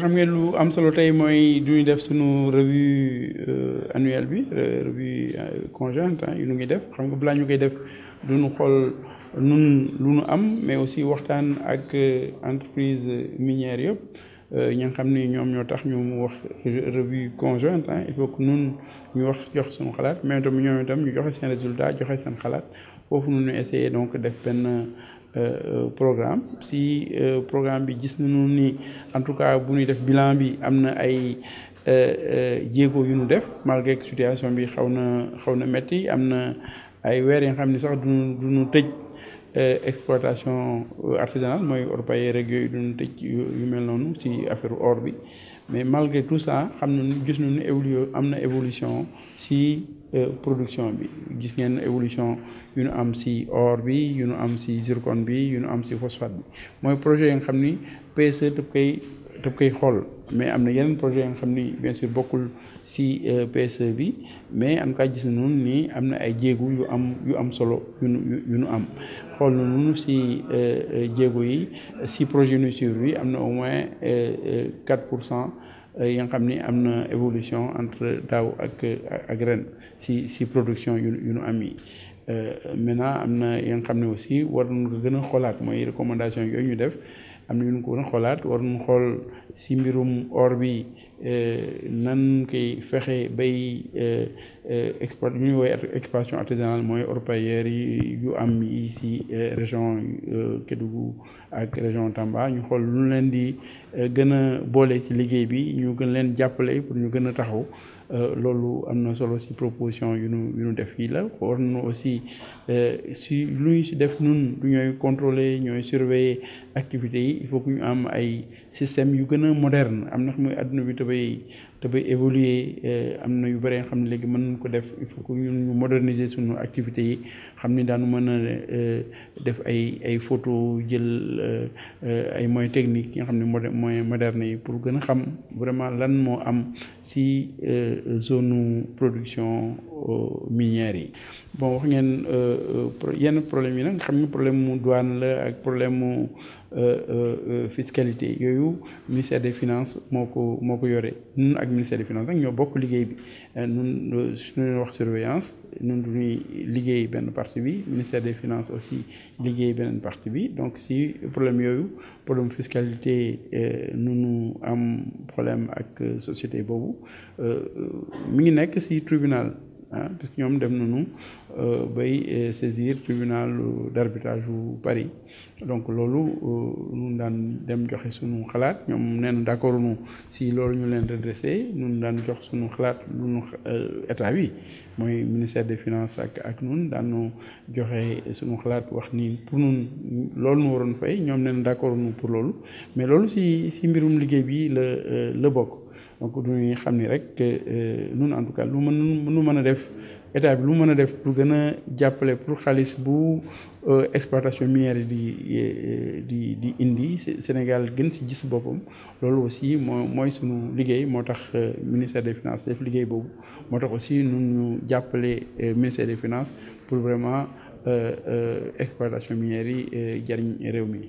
kon lu am solo tay moy duñu def suñu revue euh, annuelle bi euh, revue euh, conjointe hein, yu nu ngi def xam nga blañu ñu koy def duñu xol xool nun lu nu am mais aussi waxtaan ak entreprise minière yëpp ñi nga xam ni ñoom ñoo tax ñu wax revue conjointe hein, il faut que nun ñu wax jox suñu xalaat mais tam ñoom itam ñu joxe seen résultat joxe seen xalaat foofu nu ñu essayer donc def benn Euh, euh, programme si euh, programme bi gis nañu ni en tout cas bu nuy def bilan bi am na ay jéego yu ñu def malgré que situation bi xaw na xaw na métti am na ay weer yi xam ni sax duñu duñu tëj Euh, exploitation euh, artisanale moi orpailleur rek yooyu duñu tëj ci affaire or bi mais malgré tout ça nous avons une évolution si euh, production bi gis une évolution une nu am si or bi yu am si zircon bi yu am si phosphate bi projet yi nga xam ni daf koy xool mais am na yeneen projet yoo xam ni bien sûr bokkul si euh, PSE bi mais am tout gis nañu ni am na ay jéego yu am yu am solo yu nu yu nu am xool nañu si euh, euh, jéego yi si projet nu bi am na au moins quatre pour cent yi nga xam ni am na évolution entre daaw ak ak ren si si production yu yu nu am yi. maintenant am na yi nga xam ne aussi war nañu ko gën a xoolaat mooy recommandation yooyu ñu def. am na ñu ko war waroon xoolaat war nañu xool si mbirum or bi eh, nan koy fexe bay eh, eh, export ñu woy expansion artisanale mooy orpailleurs yi yu am yi si région euh, gu ak région Tamba ñu xool lu leen di gën a boole ci liggéey bi ñu gën leen jàppale pour ñu gën a taxaw Euh, lolu amna solo ci proposition yu nu yu nu def yi la war nañu aussi si euh, lu ci def nun du ñoy contrôler ñoy surveiller activité yi il faut que ñu am ay système yu gën a moderne am na xam ne adduna bi dafay dafay évoluer euh, am na yu bëri nga xam ne léegi mën ko def il faut ñun ñu moderniser suñu activité yi xam ni daan mën a def ay ay photo jël ay moyens techniques yi nga xam ne moyens modernes yi pour gën a xam vraiment lan moo am si zone production euh, minière Il bon y a euh, euh, yenn problème yi y a un problème douane la ak problème euh, euh, euh, fiscalité yoyu ministère des finances moko moko yoré ñun ak ministère des finances nag ñoo bokk liggéey bi ñun suñu wax surveillance ñun du liggéey benn partie bi ministère des finances aussi liggéey benn partie bi donc si problème yoyu problème fiscalité nunu am problème ak société boobu mi ngi nekk si tribunal Hein, parce que ñoom dem nañu euh, bay euh, saisir tribunal euh, d'arbitrage ou Paris donc lolo, nous daan dem joxe sunu xalat ñom nee d'accord nu si loolu ñu len redressé nous dan jox sunu xalat lu nu état bi moy ministère des finances ak ak dan nous joxe sunu xalat wax ni pour nous, lolo nous waroon fay ñom nee d'accord nu pour lolo. mais lolo, si si mbirum liggéey bi le le bokk donc ñuy xam ni rek euh, nun en tout cas lu mën nu mën a def état bi lu mën a def pour gën a jàppale pour xaalis bu euh, exploitation minière di euh, di di indi Sénégal gën ci gis boppam loolu aussi moo mooy sunu liggéey moo tax ministère des finances def liggéey boobu moo tax aussi nun ñu jàppale ministère des finances pour vraiment exploitation minière yi jariñ réew mi